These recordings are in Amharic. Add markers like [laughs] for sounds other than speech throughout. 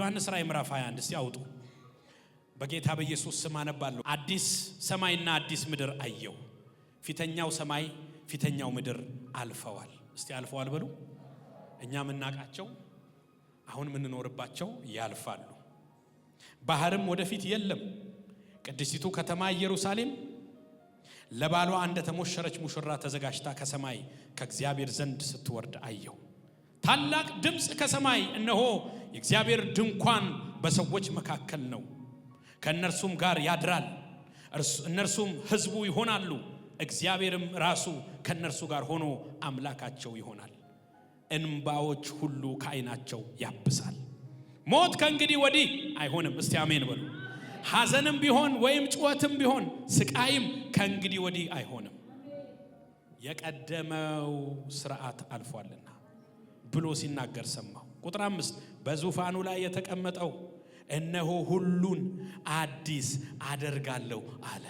ዮሐንስ ራእይ ምዕራፍ 21 እስቲ አውጡ። በጌታ በኢየሱስ ስም አነባለሁ። አዲስ ሰማይና አዲስ ምድር አየው። ፊተኛው ሰማይ ፊተኛው ምድር አልፈዋል። እስቲ አልፈዋል በሉ። እኛ የምናውቃቸው አሁን የምንኖርባቸው ያልፋሉ። ባህርም ወደፊት የለም። ቅድስቲቱ ከተማ ኢየሩሳሌም ለባሏ እንደተሞሸረች ሙሽራ ተዘጋጅታ ከሰማይ ከእግዚአብሔር ዘንድ ስትወርድ አየው። ታላቅ ድምፅ ከሰማይ እነሆ የእግዚአብሔር ድንኳን በሰዎች መካከል ነው፣ ከእነርሱም ጋር ያድራል፣ እነርሱም ህዝቡ ይሆናሉ፣ እግዚአብሔርም ራሱ ከእነርሱ ጋር ሆኖ አምላካቸው ይሆናል። እንባዎች ሁሉ ከአይናቸው ያብሳል። ሞት ከእንግዲህ ወዲህ አይሆንም። እስቲ አሜን በሉ። ሐዘንም ቢሆን ወይም ጩኸትም ቢሆን ስቃይም ከእንግዲህ ወዲህ አይሆንም፣ የቀደመው ስርዓት አልፏልና ብሎ ሲናገር ሰማሁ። ቁጥር አምስት በዙፋኑ ላይ የተቀመጠው እነሆ ሁሉን አዲስ አደርጋለሁ አለ።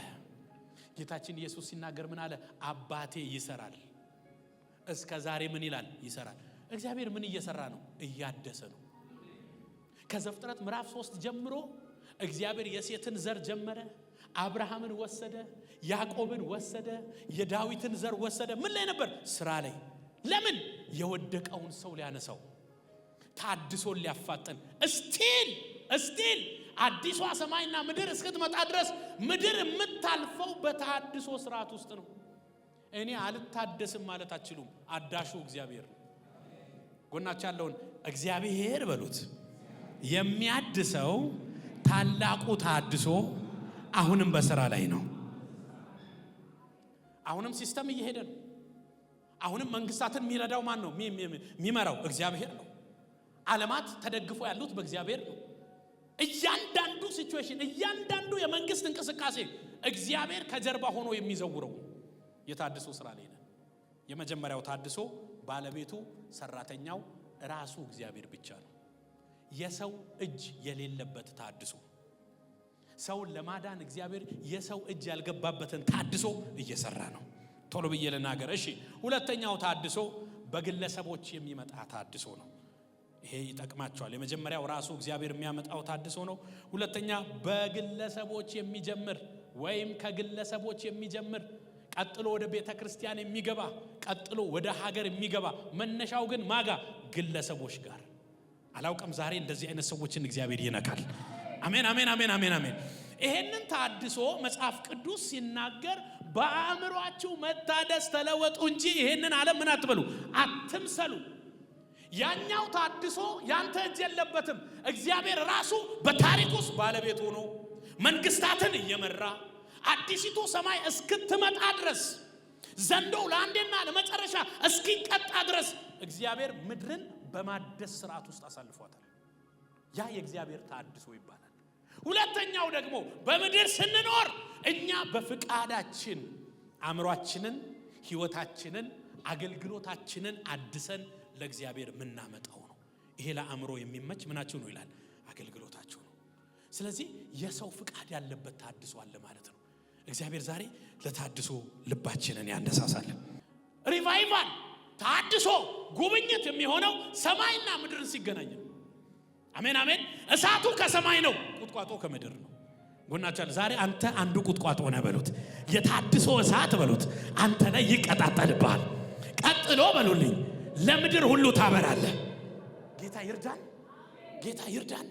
ጌታችን ኢየሱስ ሲናገር ምን አለ? አባቴ ይሰራል። እስከ ዛሬ ምን ይላል? ይሰራል። እግዚአብሔር ምን እየሰራ ነው? እያደሰ ነው። ከዘፍጥረት ምዕራፍ ሶስት ጀምሮ እግዚአብሔር የሴትን ዘር ጀመረ። አብርሃምን ወሰደ፣ ያዕቆብን ወሰደ፣ የዳዊትን ዘር ወሰደ። ምን ላይ ነበር? ስራ ላይ። ለምን? የወደቀውን ሰው ሊያነሳው ታድሶን ሊያፋጥን እስቲል እስቲል አዲሷ ሰማይና ምድር እስክትመጣ ድረስ ምድር የምታልፈው በታድሶ ስርዓት ውስጥ ነው። እኔ አልታደስም ማለት አችሉም አዳሹ እግዚአብሔር ነው። ጎናች ያለውን እግዚአብሔር በሉት። የሚያድሰው ታላቁ ታድሶ አሁንም በስራ ላይ ነው። አሁንም ሲስተም እየሄደ ነው። አሁንም መንግስታትን የሚረዳው ማን ነው? የሚመራው እግዚአብሔር ነው። ዓለማት ተደግፎ ያሉት በእግዚአብሔር ነው። እያንዳንዱ ሲትዌሽን እያንዳንዱ የመንግስት እንቅስቃሴ እግዚአብሔር ከጀርባ ሆኖ የሚዘውረው የታድሶ ስራ ላይ ነን። የመጀመሪያው ታድሶ ባለቤቱ ሰራተኛው ራሱ እግዚአብሔር ብቻ ነው። የሰው እጅ የሌለበት ታድሶ ሰውን ለማዳን እግዚአብሔር የሰው እጅ ያልገባበትን ታድሶ እየሰራ ነው። ቶሎ ብዬ ልናገር። እሺ፣ ሁለተኛው ታድሶ በግለሰቦች የሚመጣ ታድሶ ነው። ይሄ ይጠቅማቸዋል። የመጀመሪያው ራሱ እግዚአብሔር የሚያመጣው ታድሶ ነው። ሁለተኛ በግለሰቦች የሚጀምር ወይም ከግለሰቦች የሚጀምር ቀጥሎ ወደ ቤተ ክርስቲያን የሚገባ ቀጥሎ ወደ ሀገር የሚገባ መነሻው ግን ማጋ ግለሰቦች ጋር አላውቀም ዛሬ እንደዚህ አይነት ሰዎችን እግዚአብሔር ይነካል። አሜን፣ አሜን፣ አሜን፣ አሜን፣ አሜን። ይሄንን ታድሶ መጽሐፍ ቅዱስ ሲናገር በአእምሯችሁ መታደስ ተለወጡ እንጂ ይሄንን ዓለም ምን አትበሉ፣ አትምሰሉ ያኛው ታድሶ ያንተ እጅ የለበትም። እግዚአብሔር ራሱ በታሪክ ውስጥ ባለቤት ሆኖ መንግስታትን እየመራ አዲሲቱ ሰማይ እስክትመጣ ድረስ ዘንዶው ለአንዴና ለመጨረሻ እስኪቀጣ ድረስ እግዚአብሔር ምድርን በማደስ ስርዓት ውስጥ አሳልፏታል። ያ የእግዚአብሔር ታድሶ ይባላል። ሁለተኛው ደግሞ በምድር ስንኖር እኛ በፍቃዳችን አእምሯችንን፣ ህይወታችንን፣ አገልግሎታችንን አድሰን ለእግዚአብሔር የምናመጣው ነው። ይሄ ለአእምሮ የሚመች ምናችሁ ነው ይላል፣ አገልግሎታችሁ ነው። ስለዚህ የሰው ፍቃድ ያለበት ታድሶ አለ ማለት ነው። እግዚአብሔር ዛሬ ለታድሶ ልባችንን ያነሳሳለን። ሪቫይቫል ታድሶ ጉብኝት የሚሆነው ሰማይና ምድርን ሲገናኝ፣ አሜን አሜን። እሳቱ ከሰማይ ነው፣ ቁጥቋጦ ከምድር ነው። ጎናቻል ዛሬ አንተ አንዱ ቁጥቋጦ ነህ በሉት። የታድሶ እሳት በሉት አንተ ላይ ይቀጣጠልብሃል። ቀጥሎ በሉልኝ ለምድር ሁሉ ታበራለህ። ጌታ ይርዳን፣ ጌታ ይርዳን።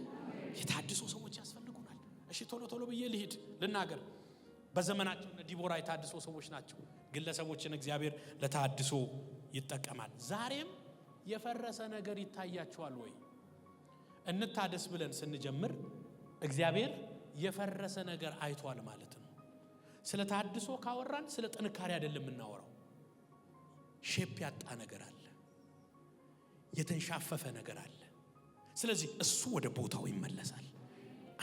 የታድሶ ሰዎች ያስፈልጉናል። እሺ ቶሎ ቶሎ ብዬ ልሂድ ልናገር። በዘመናቸው እነ ዲቦራ የታድሶ ሰዎች ናቸው። ግለሰቦችን እግዚአብሔር ለታድሶ ይጠቀማል። ዛሬም የፈረሰ ነገር ይታያቸዋል ወይ? እንታደስ ብለን ስንጀምር እግዚአብሔር የፈረሰ ነገር አይቷል ማለት ነው። ስለ ታድሶ ካወራን ስለ ጥንካሬ አይደለም የምናወራው፣ ሼፕ ያጣ ነገር አለ። የተንሻፈፈ ነገር አለ። ስለዚህ እሱ ወደ ቦታው ይመለሳል።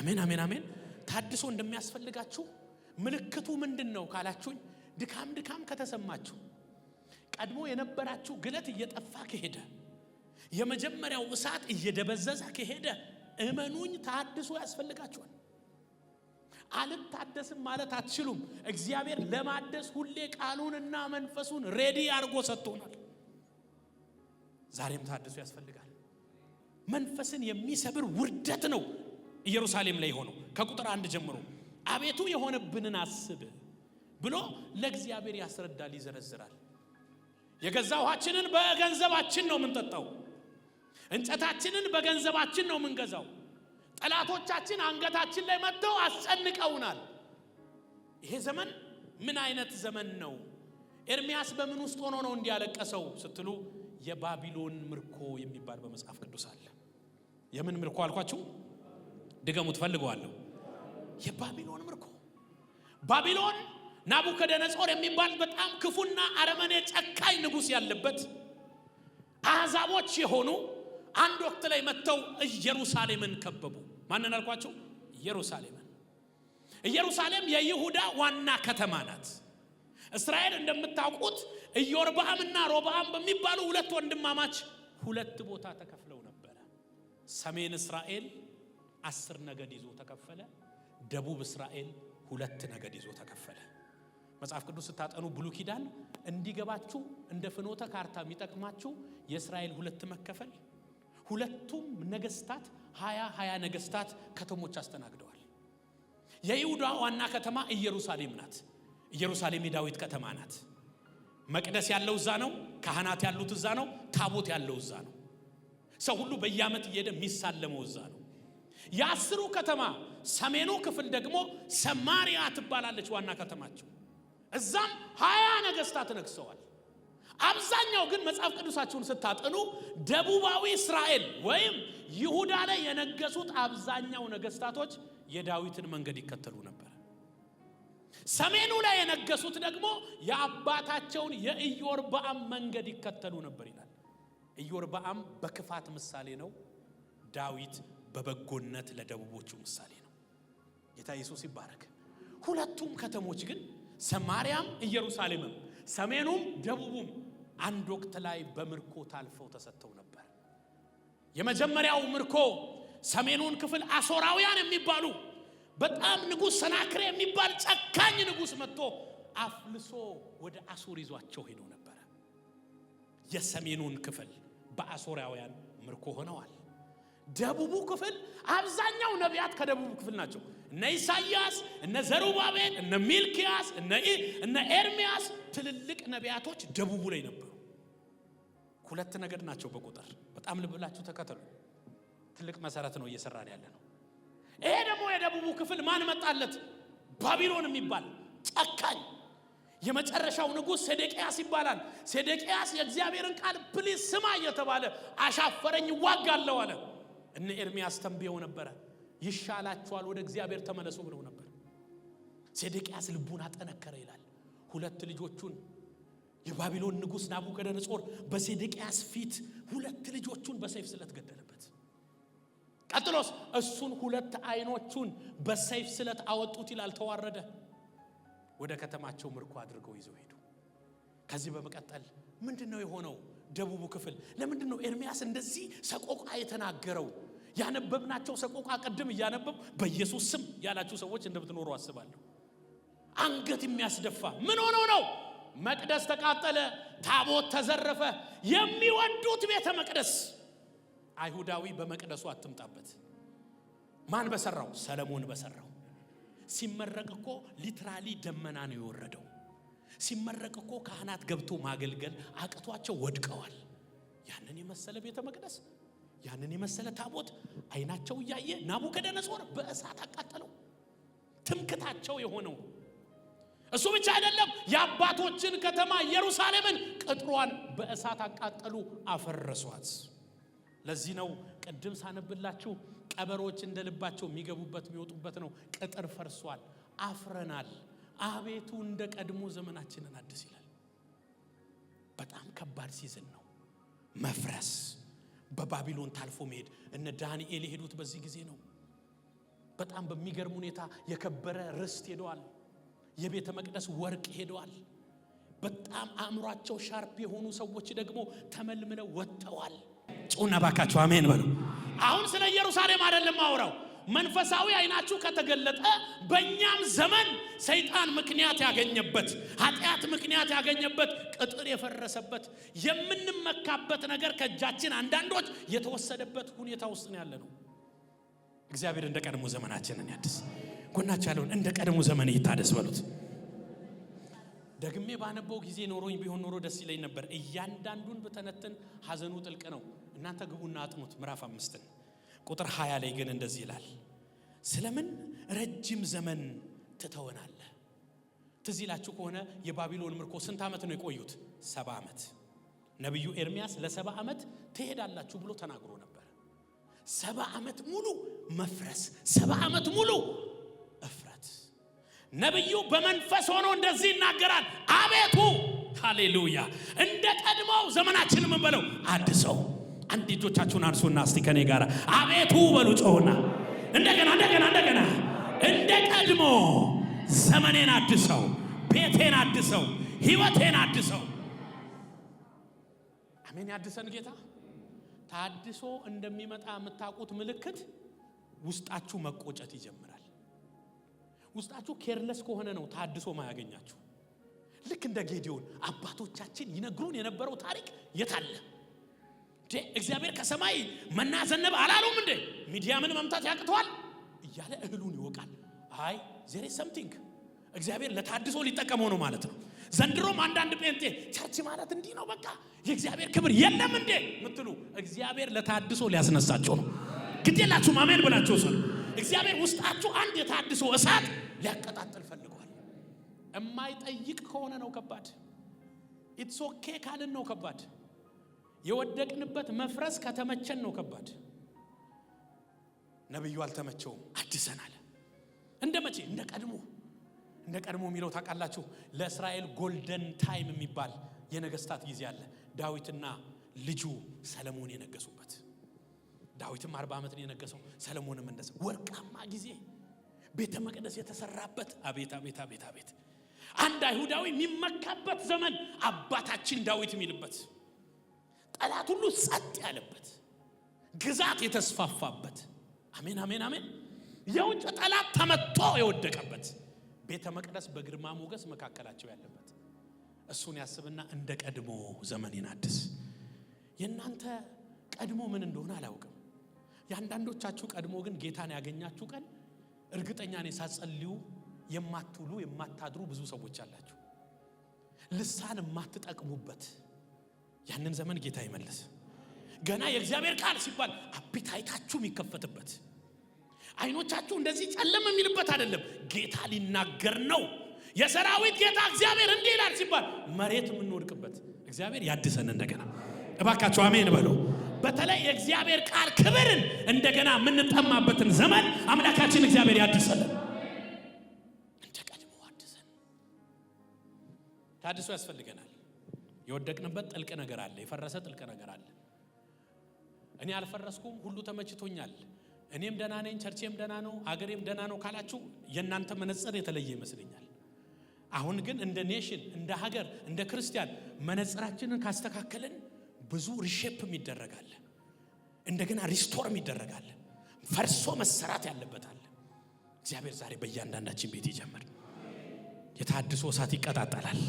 አሜን፣ አሜን፣ አሜን። ታድሶ እንደሚያስፈልጋችሁ ምልክቱ ምንድን ነው ካላችሁኝ፣ ድካም ድካም ከተሰማችሁ፣ ቀድሞ የነበራችሁ ግለት እየጠፋ ከሄደ፣ የመጀመሪያው እሳት እየደበዘዘ ከሄደ፣ እመኑኝ ታድሶ ያስፈልጋችኋል። አልታደስም ማለት አትችሉም። እግዚአብሔር ለማደስ ሁሌ ቃሉንና መንፈሱን ሬዲ አድርጎ ሰጥቶናል። ዛሬም ታድሶ ያስፈልጋል። መንፈስን የሚሰብር ውርደት ነው ኢየሩሳሌም ላይ ሆነው ከቁጥር አንድ ጀምሮ አቤቱ የሆነብንን አስብ ብሎ ለእግዚአብሔር ያስረዳል፣ ይዘረዝራል። የገዛ ውሃችንን በገንዘባችን ነው የምንጠጣው። እንጨታችንን በገንዘባችን ነው የምንገዛው። ጠላቶቻችን አንገታችን ላይ መጥተው አስጨንቀውናል። ይሄ ዘመን ምን አይነት ዘመን ነው? ኤርሚያስ በምን ውስጥ ሆኖ ነው እንዲያለቀሰው ስትሉ የባቢሎን ምርኮ የሚባል በመጽሐፍ ቅዱስ አለ። የምን ምርኮ አልኳችሁ? ድገሙ፣ ትፈልገዋለሁ። የባቢሎን ምርኮ። ባቢሎን ናቡከደነጾር የሚባል በጣም ክፉና አረመኔ ጨካኝ ንጉሥ ያለበት አሕዛቦች የሆኑ አንድ ወቅት ላይ መጥተው ኢየሩሳሌምን ከበቡ። ማንን አልኳቸው? ኢየሩሳሌምን። ኢየሩሳሌም የይሁዳ ዋና ከተማ ናት። እስራኤል እንደምታውቁት ኢዮርብዓምና ሮብዓም በሚባሉ ሁለት ወንድማማች ሁለት ቦታ ተከፍለው ነበረ። ሰሜን እስራኤል አስር ነገድ ይዞ ተከፈለ። ደቡብ እስራኤል ሁለት ነገድ ይዞ ተከፈለ። መጽሐፍ ቅዱስ ስታጠኑ ብሉ ኪዳን እንዲገባችሁ እንደ ፍኖተ ካርታ የሚጠቅማችሁ የእስራኤል ሁለት መከፈል ሁለቱም ነገስታት ሀያ ሀያ ነገስታት ከተሞች አስተናግደዋል። የይሁዳ ዋና ከተማ ኢየሩሳሌም ናት። ኢየሩሳሌም የዳዊት ከተማ ናት። መቅደስ ያለው እዛ ነው። ካህናት ያሉት እዛ ነው። ታቦት ያለው እዛ ነው። ሰው ሁሉ በየዓመት እየሄደ የሚሳለመው እዛ ነው። የአስሩ ከተማ ሰሜኑ ክፍል ደግሞ ሰማሪያ ትባላለች ዋና ከተማቸው። እዛም ሀያ ነገስታት ነግሰዋል። አብዛኛው ግን መጽሐፍ ቅዱሳችሁን ስታጠኑ ደቡባዊ እስራኤል ወይም ይሁዳ ላይ የነገሱት አብዛኛው ነገስታቶች የዳዊትን መንገድ ይከተሉ ነበር። ሰሜኑ ላይ የነገሱት ደግሞ የአባታቸውን የኢዮርብዓም መንገድ ይከተሉ ነበር ይላል። ኢዮርብዓም በክፋት ምሳሌ ነው። ዳዊት በበጎነት ለደቡቦቹ ምሳሌ ነው። ጌታ ኢየሱስ ይባረክ። ሁለቱም ከተሞች ግን ሰማርያም ኢየሩሳሌምም ሰሜኑም ደቡቡም አንድ ወቅት ላይ በምርኮ ታልፈው ተሰጥተው ነበር። የመጀመሪያው ምርኮ ሰሜኑን ክፍል አሶራውያን የሚባሉ በጣም ንጉሥ ሰናክሬ የሚባል ጨካኝ ንጉሥ መጥቶ አፍልሶ ወደ አሶር ይዟቸው ሄዶ ነበረ። የሰሜኑን ክፍል በአሶራውያን ምርኮ ሆነዋል። ደቡቡ ክፍል አብዛኛው ነቢያት ከደቡቡ ክፍል ናቸው። እነ ኢሳይያስ፣ እነ ዘሩባቤል፣ እነ ሚልኪያስ፣ እነ ኤርሚያስ ትልልቅ ነቢያቶች ደቡቡ ላይ ነበሩ። ሁለት ነገድ ናቸው በቁጥር በጣም ልብላችሁ ተከተሉ። ትልቅ መሰረት ነው እየሰራን ያለ ነው። ይሄ ደግሞ የደቡቡ ክፍል ማን መጣለት? ባቢሎን የሚባል ጨካኝ የመጨረሻው ንጉሥ ሴዴቅያስ ይባላል። ሴዴቅያስ የእግዚአብሔርን ቃል ፕሊስ ስማ እየተባለ አሻፈረኝ፣ እዋጋለሁ አለ። እነ ኤርሚያስ ተንብየው ነበረ። ይሻላችኋል፣ ወደ እግዚአብሔር ተመለሱ ብለው ነበር። ሴዴቅያስ ልቡን አጠነከረ ይላል። ሁለት ልጆቹን የባቢሎን ንጉሥ ናቡከደነጾር በሴዴቅያስ ፊት ሁለት ልጆቹን በሰይፍ ስለት ገደለበት። ቀጥሎስ እሱን ሁለት አይኖቹን በሰይፍ ስለት አወጡት ይላል። ተዋረደ። ወደ ከተማቸው ምርኮ አድርገው ይዘው ሄዱ። ከዚህ በመቀጠል ምንድን ነው የሆነው? ደቡቡ ክፍል ለምንድን ነው ኤርሚያስ እንደዚህ ሰቆቋ የተናገረው? ያነበብናቸው ሰቆቋ ቅድም እያነበብ በኢየሱስ ስም ያላችሁ ሰዎች እንደምትኖሩ አስባለሁ። አንገት የሚያስደፋ ምን ሆኖ ነው? መቅደስ ተቃጠለ፣ ታቦት ተዘረፈ፣ የሚወዱት ቤተ መቅደስ አይሁዳዊ በመቅደሱ አትምጣበት። ማን በሰራው? ሰለሞን በሰራው። ሲመረቅ እኮ ሊትራሊ ደመና ነው የወረደው። ሲመረቅ እኮ ካህናት ገብቶ ማገልገል አቅቷቸው ወድቀዋል። ያንን የመሰለ ቤተ መቅደስ፣ ያንን የመሰለ ታቦት አይናቸው እያየ ናቡከደነጾር በእሳት አቃጠለው። ትምክታቸው የሆነው እሱ ብቻ አይደለም፣ የአባቶችን ከተማ ኢየሩሳሌምን ቅጥሯን በእሳት አቃጠሉ፣ አፈረሷት። ለዚህ ነው ቅድም ሳነብላችሁ ቀበሮች እንደ ልባቸው የሚገቡበት የሚወጡበት ነው። ቅጥር ፈርሷል፣ አፍረናል። አቤቱ እንደ ቀድሞ ዘመናችንን አድስ ይላል። በጣም ከባድ ሲዝን ነው። መፍረስ በባቢሎን ታልፎ መሄድ እነ ዳንኤል የሄዱት በዚህ ጊዜ ነው። በጣም በሚገርም ሁኔታ የከበረ ርስት ሄደዋል። የቤተ መቅደስ ወርቅ ሄደዋል። በጣም አእምሯቸው ሻርፕ የሆኑ ሰዎች ደግሞ ተመልምለው ወጥተዋል። ጩና ባካችሁ አሜን በሉ። አሁን ስለ ኢየሩሳሌም አይደለም አውራው መንፈሳዊ አይናችሁ ከተገለጠ በእኛም ዘመን ሰይጣን ምክንያት ያገኘበት ኃጢአት ምክንያት ያገኘበት ቅጥር የፈረሰበት የምንመካበት ነገር ከእጃችን አንዳንዶች የተወሰደበት ሁኔታ ውስጥ ነው ያለ ነው። እግዚአብሔር እንደ ቀድሞ ዘመናችንን ያድስ። ጎናችሁ ያለውን እንደ ቀድሞ ዘመን ይታደስ በሉት። ደግሜ ባነበው ጊዜ ኖሮኝ ቢሆን ኖሮ ደስ ይለኝ ነበር። እያንዳንዱን ብተነትን ሐዘኑ ጥልቅ ነው። እናንተ ግቡና አጥሙት ምዕራፍ አምስትን ቁጥር ሀያ ላይ ግን እንደዚህ ይላል፣ ስለምን ረጅም ዘመን ትተወናለህ? ትዚላችሁ ይላችሁ ከሆነ የባቢሎን ምርኮ ስንት ዓመት ነው የቆዩት? ሰባ ዓመት። ነቢዩ ኤርሚያስ ለሰባ ዓመት ትሄዳላችሁ ብሎ ተናግሮ ነበር። ሰባ ዓመት ሙሉ መፍረስ፣ ሰባ ዓመት ሙሉ ነቢዩ በመንፈስ ሆኖ እንደዚህ ይናገራል። አቤቱ ሃሌሉያ፣ እንደ ቀድሞው ምን በለው አድሰው። አንድ እጆቻችሁን አንሱና እስቲ ከኔ ጋር አቤቱ በሉ ጮሁና፣ እንደገና እንደገና እንደገና እንደ ቀድሞ ዘመኔን አድሰው፣ ቤቴን አድሰው፣ ህይወቴን አድሰው። አሜን። ያድሰን ጌታ። ታድሶ እንደሚመጣ የምታውቁት ምልክት ውስጣችሁ መቆጨት ይጀምራል። ውስጣችሁ ኬርለስ ከሆነ ነው ታድሶ ማያገኛችሁ። ልክ እንደ ጌዲዮን አባቶቻችን ይነግሩን የነበረው ታሪክ የታለ? እግዚአብሔር ከሰማይ መናዘነብ አላሉም እንዴ? ሚዲያምን መምታት ያቅተዋል እያለ እህሉን ይወቃል። አይ ዜሬ ሰምቲንግ እግዚአብሔር ለታድሶ ሊጠቀመው ነው ማለት ነው። ዘንድሮም አንዳንድ ጴንጤ ቸርች ማለት እንዲህ ነው በቃ የእግዚአብሔር ክብር የለም እንዴ ምትሉ እግዚአብሔር ለታድሶ ሊያስነሳቸው ነው። ግዴላችሁ ማመን ብላቸው ሰሉ እግዚአብሔር ውስጣችሁ አንድ የታድሶ እሳት ሊያቀጣጥል ፈልጓል። እማይጠይቅ ከሆነ ነው ከባድ። ኢትስ ኦኬ ካልን ነው ከባድ። የወደቅንበት መፍረስ ከተመቸን ነው ከባድ። ነቢዩ አልተመቸውም። አድሰናል። አለ። እንደ መቼ? እንደ ቀድሞ። እንደ ቀድሞ የሚለው ታውቃላችሁ፣ ለእስራኤል ጎልደን ታይም የሚባል የነገስታት ጊዜ አለ። ዳዊትና ልጁ ሰለሞን የነገሱበት። ዳዊትም አርባ ዓመትን የነገሰው፣ ሰለሞንም እንደዚያ ወርቃማ ጊዜ ቤተ መቅደስ የተሰራበት አቤት አቤት አቤት አቤት አንድ አይሁዳዊ የሚመካበት ዘመን አባታችን ዳዊት የሚልበት ጠላት ሁሉ ጸጥ ያለበት ግዛት የተስፋፋበት አሜን አሜን አሜን የውጭ ጠላት ተመቶ የወደቀበት ቤተ መቅደስ በግርማ ሞገስ መካከላቸው ያለበት እሱን ያስብና እንደ ቀድሞ ዘመን አድስ የእናንተ ቀድሞ ምን እንደሆነ አላውቅም የአንዳንዶቻችሁ ቀድሞ ግን ጌታን ያገኛችሁ ቀን እርግጠኛ ነኝ ሳጸልዩ የማትውሉ የማታድሩ ብዙ ሰዎች አላችሁ። ልሳን የማትጠቅሙበት ያንን ዘመን ጌታ ይመልስ። ገና የእግዚአብሔር ቃል ሲባል አይታችሁ የሚከፈትበት አይኖቻችሁ እንደዚህ ጨለም የሚልበት አይደለም። ጌታ ሊናገር ነው። የሰራዊት ጌታ እግዚአብሔር እንዲህ ይላል ሲባል መሬት የምንወድቅበት እግዚአብሔር ያድሰን እንደገና። እባካቸው አሜን በለው። በተለይ የእግዚአብሔር ቃል ክብርን እንደገና የምንጠማበትን ዘመን አምላካችን እግዚአብሔር ያድሰልን። እንደ ቀድሞ አድሰን። ታድሶ ያስፈልገናል። የወደቅንበት ጥልቅ ነገር አለ። የፈረሰ ጥልቅ ነገር አለ። እኔ አልፈረስኩም፣ ሁሉ ተመችቶኛል፣ እኔም ደና ነኝ፣ ቸርቼም ደና ነው፣ አገሬም ደና ነው ካላችሁ የእናንተ መነጽር የተለየ ይመስለኛል። አሁን ግን እንደ ኔሽን፣ እንደ ሀገር፣ እንደ ክርስቲያን መነጽራችንን ካስተካከልን ብዙ ሪሼፕም ይደረጋል። እንደገና ሪስቶርም ይደረጋል። ፈርሶ መሰራት ያለበታል። እግዚአብሔር ዛሬ በእያንዳንዳችን ቤት ይጀምር። የታድሶ እሳት ይቀጣጠላል።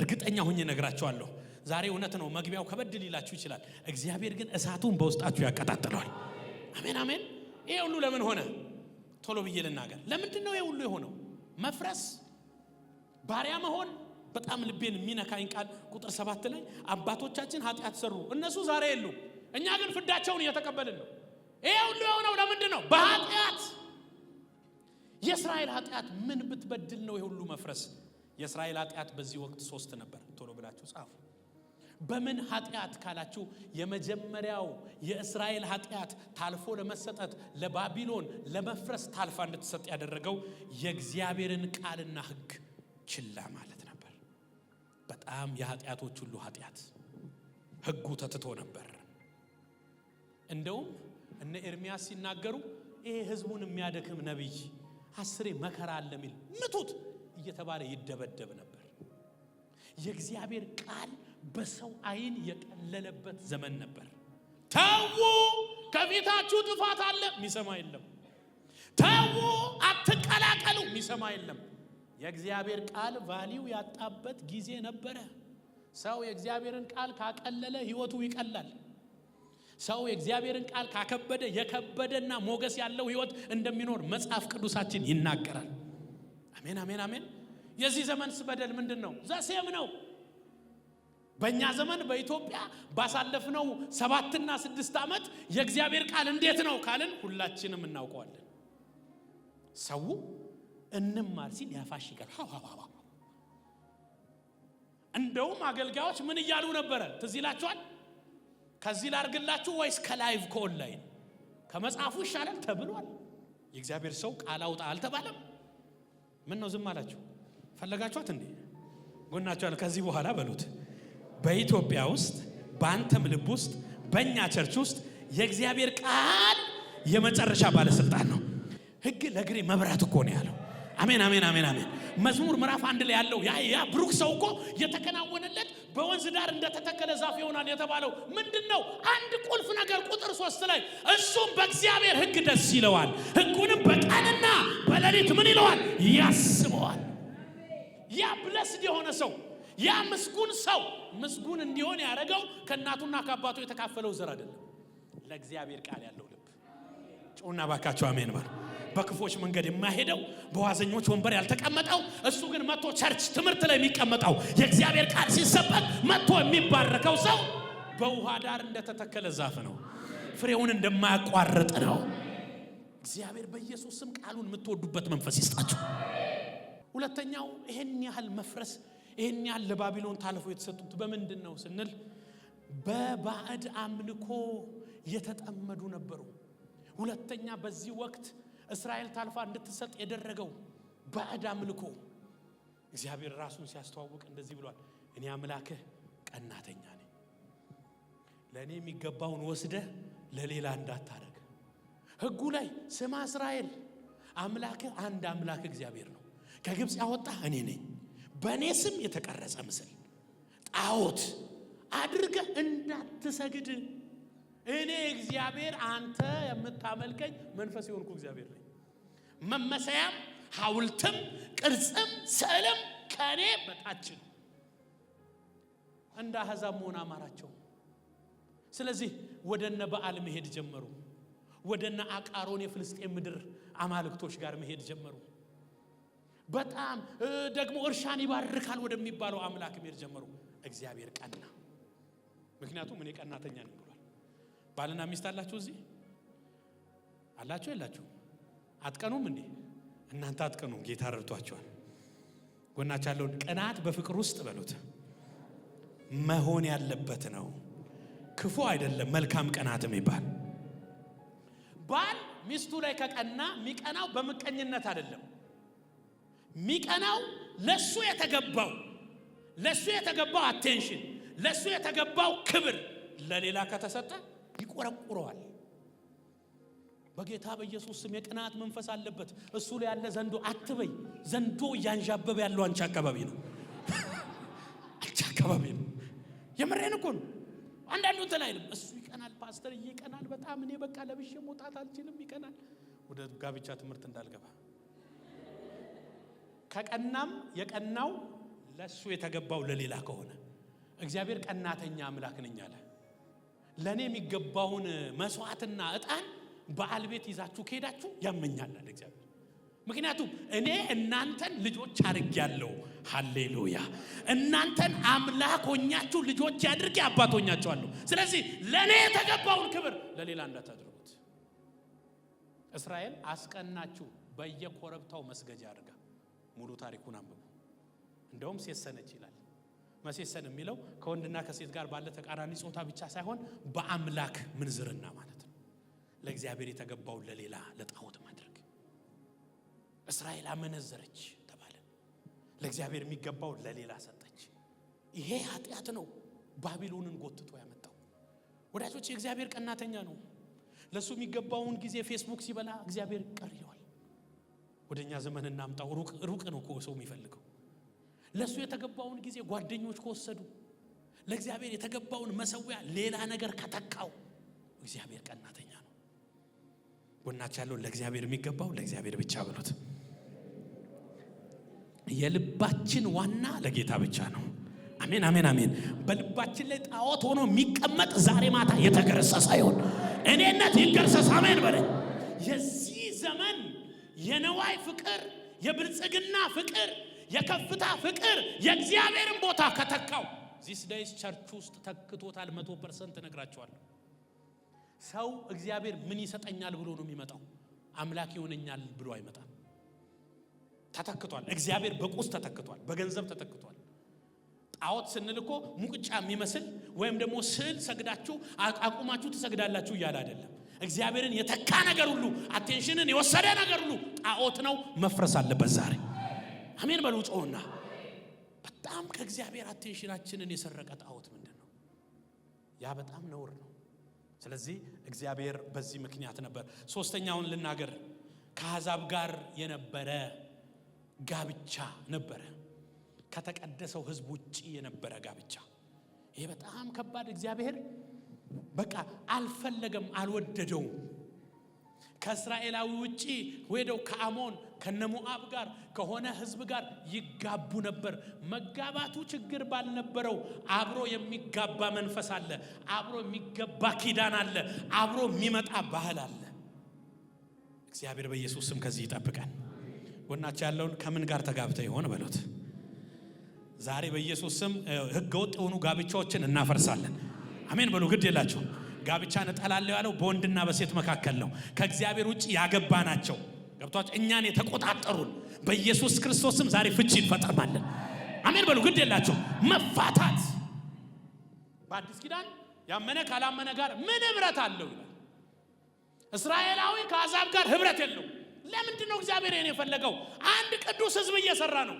እርግጠኛ ሁኝ ነግራቸዋለሁ። ዛሬ እውነት ነው። መግቢያው ከበድ ሊላችሁ ይችላል። እግዚአብሔር ግን እሳቱን በውስጣችሁ ያቀጣጥለዋል። አሜን አሜን። ይሄ ሁሉ ለምን ሆነ? ቶሎ ብዬ ልናገር። ለምንድን ነው ይሄ ሁሉ የሆነው? መፍረስ፣ ባሪያ መሆን በጣም ልቤን የሚነካኝ ቃል ቁጥር ሰባት ላይ አባቶቻችን ኃጢአት ሰሩ፣ እነሱ ዛሬ የሉ እኛ ግን ፍዳቸውን እየተቀበልን ነው። ይሄ ሁሉ የሆነው ለምንድን ነው? በኃጢአት የእስራኤል ኃጢአት ምን ብትበድል ነው የሁሉ መፍረስ? የእስራኤል ኃጢአት በዚህ ወቅት ሶስት ነበር። ቶሎ ብላችሁ ጻፉ። በምን ኃጢአት ካላችሁ የመጀመሪያው የእስራኤል ኃጢአት ታልፎ ለመሰጠት ለባቢሎን ለመፍረስ ታልፋ እንድትሰጥ ያደረገው የእግዚአብሔርን ቃልና ህግ ችላ ማለት በጣም የኃጢአቶች ሁሉ ኃጢአት ህጉ ተትቶ ነበር። እንደውም እነ ኤርሚያስ ሲናገሩ ይሄ ህዝቡን የሚያደክም ነቢይ አስሬ መከራ አለ ሚል ምቱት እየተባለ ይደበደብ ነበር። የእግዚአብሔር ቃል በሰው አይን የጠለለበት ዘመን ነበር። ተዉ፣ ከፊታችሁ ጥፋት አለ፣ የሚሰማ የለም። ተዉ፣ አትቀላቀሉ፣ የሚሰማ የለም። የእግዚአብሔር ቃል ቫሊው ያጣበት ጊዜ ነበረ። ሰው የእግዚአብሔርን ቃል ካቀለለ ህይወቱ ይቀላል። ሰው የእግዚአብሔርን ቃል ካከበደ የከበደና ሞገስ ያለው ህይወት እንደሚኖር መጽሐፍ ቅዱሳችን ይናገራል። አሜን፣ አሜን፣ አሜን። የዚህ ዘመንስ በደል ምንድን ነው? ዘሴም ነው። በእኛ ዘመን በኢትዮጵያ ባሳለፍነው ሰባትና ስድስት ዓመት የእግዚአብሔር ቃል እንዴት ነው ካልን ሁላችንም እናውቀዋለን። ሰው እንማር ሲል ያፋሽጋል። እንደውም አገልጋዮች ምን እያሉ ነበረ? ትዝ ይላችኋል? ከዚህ ላርግላችሁ ወይስ ከላይቭ ከኦንላይን ከመጽሐፉ ይሻላል ተብሏል። የእግዚአብሔር ሰው ቃል አውጣ አልተባለም? ምን ነው ዝም አላችሁ? ፈለጋችኋት እንዴ? ጎናችኋል። ከዚህ በኋላ በሉት በኢትዮጵያ ውስጥ በአንተም ልብ ውስጥ በእኛ ቸርች ውስጥ የእግዚአብሔር ቃል የመጨረሻ ባለስልጣን ነው። ህግ ለእግሬ መብራት እኮ ነው ያለው። አሜን አሜን አሜን አሜን። መዝሙር ምዕራፍ አንድ ላይ ያለው ያ ያ ብሩክ ሰው እኮ የተከናወነለት በወንዝ ዳር እንደተተከለ ዛፍ ይሆናል የተባለው ምንድን ነው? አንድ ቁልፍ ነገር ቁጥር ሶስት ላይ እሱም በእግዚአብሔር ሕግ ደስ ይለዋል፣ ሕጉንም በቀንና በሌሊት ምን ይለዋል? ያስበዋል። ያ ብለስድ የሆነ ሰው ያ ምስጉን ሰው ምስጉን እንዲሆን ያደረገው ከእናቱና ከአባቱ የተካፈለው ዘር አይደለም፣ ለእግዚአብሔር ቃል ያለው ልብ ጮና ባካቸው አሜን በል በክፎች መንገድ የማይሄደው በዋዘኞች ወንበር ያልተቀመጠው እሱ ግን መጥቶ ቸርች ትምህርት ላይ የሚቀመጠው የእግዚአብሔር ቃል ሲሰበክ መጥቶ የሚባረከው ሰው በውሃ ዳር እንደተተከለ ዛፍ ነው፣ ፍሬውን እንደማያቋርጥ ነው። እግዚአብሔር በኢየሱስ ስም ቃሉን የምትወዱበት መንፈስ ይስጣችሁ። ሁለተኛው ይህን ያህል መፍረስ ይህን ያህል ለባቢሎን ታልፎ የተሰጡት በምንድን ነው ስንል በባዕድ አምልኮ የተጠመዱ ነበሩ። ሁለተኛ በዚህ ወቅት እስራኤል ታልፋ እንድትሰጥ የደረገው ባዕድ አምልኮ እግዚአብሔር ራሱን ሲያስተዋውቅ እንደዚህ ብሏል። እኔ አምላክህ ቀናተኛ ነኝ። ለእኔ የሚገባውን ወስደ ለሌላ እንዳታደርግ። ህጉ ላይ ስማ እስራኤል አምላክህ አንድ አምላክ እግዚአብሔር ነው። ከግብፅ ያወጣህ እኔ ነኝ። በእኔ ስም የተቀረጸ ምስል ጣዖት አድርገህ እንዳትሰግድ እኔ እግዚአብሔር አንተ የምታመልከኝ መንፈስ የሆንኩ እግዚአብሔር ነኝ። መመሰያም ሐውልትም ቅርጽም ስዕልም ከእኔ በታች ነው። እንደ አሕዛብ መሆን አማራቸው። ስለዚህ ወደነ በዓል መሄድ ጀመሩ። ወደነ አቃሮን የፍልስጤን ምድር አማልክቶች ጋር መሄድ ጀመሩ። በጣም ደግሞ እርሻን ይባርካል ወደሚባለው አምላክ መሄድ ጀመሩ። እግዚአብሔር ቀና። ምክንያቱም እኔ ቀናተኛ ነኝ። ባልና ሚስት አላችሁ እዚህ አላችሁ የላችሁ? አትቀኑም እንዴ? እናንተ አጥቀኑ ጌታ ረድቷቸዋል። ጎናች ያለውን ቅናት በፍቅር ውስጥ በሉት መሆን ያለበት ነው። ክፉ አይደለም፣ መልካም ቅናትም የሚባል ባል ሚስቱ ላይ ከቀና ሚቀናው በምቀኝነት አይደለም። ሚቀናው ለሱ የተገባው ለሱ የተገባው አቴንሽን፣ ለሱ የተገባው ክብር ለሌላ ከተሰጠ ይቆረቁረዋል። በጌታ በኢየሱስ ስም የቅናት መንፈስ አለበት እሱ ላይ ያለ ዘንዶ አትበይ። ዘንዶ እያንዣበበ ያለው አንቺ አካባቢ ነው፣ [laughs] አንቺ አካባቢ ነው። የምሬን እኮ ነው። አንዳንዱ እንትን አይልም። እሱ ይቀናል፣ ፓስተር ይቀናል በጣም እኔ በቃ ለብሼ መውጣት አልችልም፣ ይቀናል። ወደ ጋብቻ ትምህርት እንዳልገባ ከቀናም የቀናው ለእሱ የተገባው ለሌላ ከሆነ እግዚአብሔር ቀናተኛ አምላክ ነኝ አለ። ለእኔ የሚገባውን መስዋዕትና እጣን በአል ቤት ይዛችሁ ከሄዳችሁ ያመኛል እግዚአብሔር። ምክንያቱም እኔ እናንተን ልጆች ያለው ሃሌሉያ! እናንተን አምላክ ሆኛችሁ ልጆች ያድርግ አባቶኛቸዋለሁ ስለዚህ ለእኔ የተገባውን ክብር ለሌላ እንዳታደርጉት። እስራኤል አስቀናችሁ በየኮረብታው መስገጃ አድርጋ ሙሉ ታሪኩን አንብቡ። እንደውም ሴሰነች ይላል መሴሰን የሚለው ከወንድና ከሴት ጋር ባለ ተቃራኒ ጾታ ብቻ ሳይሆን በአምላክ ምንዝርና ማለት ነው። ለእግዚአብሔር የተገባውን ለሌላ ለጣዖት ማድረግ። እስራኤል አመነዘረች ተባለ። ለእግዚአብሔር የሚገባውን ለሌላ ሰጠች። ይሄ ኃጢአት ነው ባቢሎንን ጎትቶ ያመጣው። ወዳጆች፣ የእግዚአብሔር ቀናተኛ ነው። ለእሱ የሚገባውን ጊዜ ፌስቡክ ሲበላ እግዚአብሔር ቀር ይለዋል። ወደ እኛ ዘመን እናምጣው። ሩቅ ነው ሰው የሚፈልገው ለእሱ የተገባውን ጊዜ ጓደኞች ከወሰዱ፣ ለእግዚአብሔር የተገባውን መሰዊያ ሌላ ነገር ከተካው፣ እግዚአብሔር ቀናተኛ ነው። ጎናችሁ ያለው ለእግዚአብሔር የሚገባው ለእግዚአብሔር ብቻ ብሎት የልባችን ዋና ለጌታ ብቻ ነው። አሜን፣ አሜን፣ አሜን። በልባችን ላይ ጣዖት ሆኖ የሚቀመጥ ዛሬ ማታ የተገረሰሰ ይሆን እኔነት ይገርሰስ። አሜን በለኝ የዚህ ዘመን የነዋይ ፍቅር፣ የብልጽግና ፍቅር የከፍታ ፍቅር የእግዚአብሔርን ቦታ ከተካው ዚስ ደይስ ቸርች ውስጥ ተክቶታል። መቶ ፐርሰንት እነግራቸዋለሁ። ሰው እግዚአብሔር ምን ይሰጠኛል ብሎ ነው የሚመጣው፣ አምላክ ይሆነኛል ብሎ አይመጣም። ተተክቷል። እግዚአብሔር በቁስ ተተክቷል፣ በገንዘብ ተተክቷል። ጣዖት ስንል እኮ ሙቅጫ የሚመስል ወይም ደግሞ ስዕል ሰግዳችሁ አቁማችሁ ትሰግዳላችሁ እያለ አይደለም። እግዚአብሔርን የተካ ነገር ሁሉ አቴንሽንን የወሰደ ነገር ሁሉ ጣዖት ነው፣ መፍረስ አለበት ዛሬ አሜን በሉ ጮና። በጣም ከእግዚአብሔር አቴንሽናችንን የሰረቀ ጣዖት ምንድን ነው? ያ በጣም ነውር ነው። ስለዚህ እግዚአብሔር በዚህ ምክንያት ነበር። ሶስተኛውን ልናገር፣ ከአዛብ ጋር የነበረ ጋብቻ ነበረ። ከተቀደሰው ህዝብ ውጭ የነበረ ጋብቻ። ይሄ በጣም ከባድ እግዚአብሔር በቃ አልፈለገም፣ አልወደደውም። ከእስራኤላዊ ውጪ ሄደው ከአሞን ከነሞአብ ጋር ከሆነ ህዝብ ጋር ይጋቡ ነበር። መጋባቱ ችግር ባልነበረው አብሮ የሚጋባ መንፈስ አለ፣ አብሮ የሚገባ ኪዳን አለ፣ አብሮ የሚመጣ ባህል አለ። እግዚአብሔር በኢየሱስ ስም ከዚህ ይጠብቀን። ጎናቸው ያለውን ከምን ጋር ተጋብተ ይሆን በሉት። ዛሬ በኢየሱስ ስም ህገወጥ የሆኑ ጋብቻዎችን እናፈርሳለን። አሜን በሉ። ግድ የላቸው ጋብቻን እጠላለሁ ያለው በወንድና በሴት መካከል ነው። ከእግዚአብሔር ውጭ ያገባ ናቸው ገብቷቸው እኛን የተቆጣጠሩን። በኢየሱስ ክርስቶስም ዛሬ ፍቺ እንፈጸማለን። አሜን በሉ። ግድ የላቸው መፋታት በአዲስ ኪዳን ያመነ ካላመነ ጋር ምን ህብረት አለው ይላል። እስራኤላዊ ከአዛብ ጋር ህብረት የለው። ለምንድን ነው እግዚአብሔር ይህን የፈለገው? አንድ ቅዱስ ህዝብ እየሰራ ነው።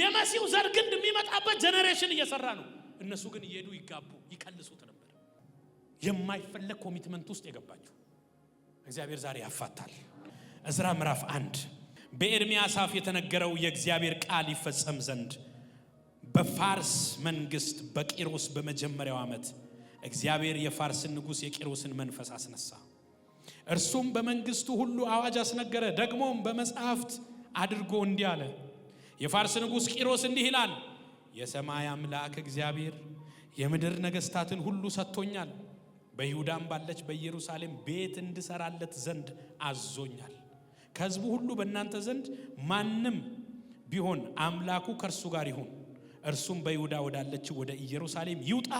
የመሲው ዘር ግንድ የሚመጣበት ጀኔሬሽን እየሰራ ነው። እነሱ ግን እየሄዱ ይጋቡ ይቀልሱት ነው። የማይፈለግ ኮሚትመንት ውስጥ የገባችሁ እግዚአብሔር ዛሬ ያፋታል። እዝራ ምዕራፍ አንድ በኤርሚያስ አፍ የተነገረው የእግዚአብሔር ቃል ይፈጸም ዘንድ በፋርስ መንግስት በቂሮስ በመጀመሪያው ዓመት እግዚአብሔር የፋርስን ንጉሥ የቂሮስን መንፈስ አስነሳ። እርሱም በመንግስቱ ሁሉ አዋጅ አስነገረ። ደግሞም በመጽሐፍት አድርጎ እንዲህ አለ። የፋርስ ንጉሥ ቂሮስ እንዲህ ይላል፣ የሰማይ አምላክ እግዚአብሔር የምድር ነገሥታትን ሁሉ ሰጥቶኛል በይሁዳም ባለች በኢየሩሳሌም ቤት እንድሰራለት ዘንድ አዞኛል። ከሕዝቡ ሁሉ በእናንተ ዘንድ ማንም ቢሆን አምላኩ ከእርሱ ጋር ይሁን፣ እርሱም በይሁዳ ወዳለችው ወደ ኢየሩሳሌም ይውጣ፣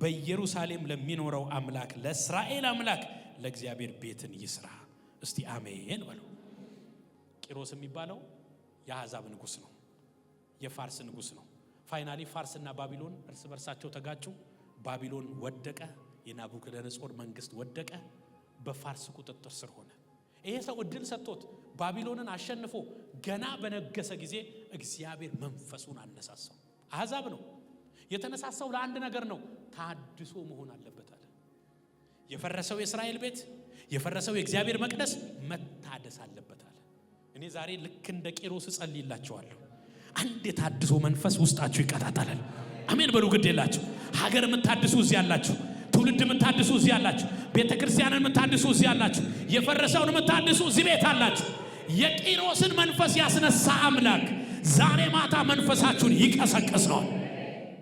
በኢየሩሳሌም ለሚኖረው አምላክ ለእስራኤል አምላክ ለእግዚአብሔር ቤትን ይስራ። እስቲ አሜን በሉ። ቂሮስ የሚባለው የአሕዛብ ንጉሥ ነው፣ የፋርስ ንጉሥ ነው። ፋይናሊ ፋርስና ባቢሎን እርስ በርሳቸው ተጋጩ። ባቢሎን ወደቀ። የናቡከደነጾር መንግስት ወደቀ፣ በፋርስ ቁጥጥር ስር ሆነ። ይሄ ሰው እድል ሰጥቶት ባቢሎንን አሸንፎ ገና በነገሰ ጊዜ እግዚአብሔር መንፈሱን አነሳሳው። አሕዛብ ነው የተነሳሳው፣ ለአንድ ነገር ነው፣ ታድሶ መሆን አለበት አለ። የፈረሰው የእስራኤል ቤት፣ የፈረሰው የእግዚአብሔር መቅደስ መታደስ አለበት አለ። እኔ ዛሬ ልክ እንደ ቄሮስ እጸልይላችኋለሁ። አንድ የታድሶ መንፈስ ውስጣችሁ ይቀጣጠላል። አሜን በሉ። ግድ የላችሁ ሀገር የምታድሱ እዚህ ያላችሁ ትውልድ የምታድሱ እዚህ አላችሁ። ቤተ ክርስቲያንን የምታድሱ እዚህ አላችሁ። የፈረሰውን የምታድሱ እዚህ ቤት አላችሁ። የቂሮስን መንፈስ ያስነሳ አምላክ ዛሬ ማታ መንፈሳችሁን ይቀሰቅሰዋል።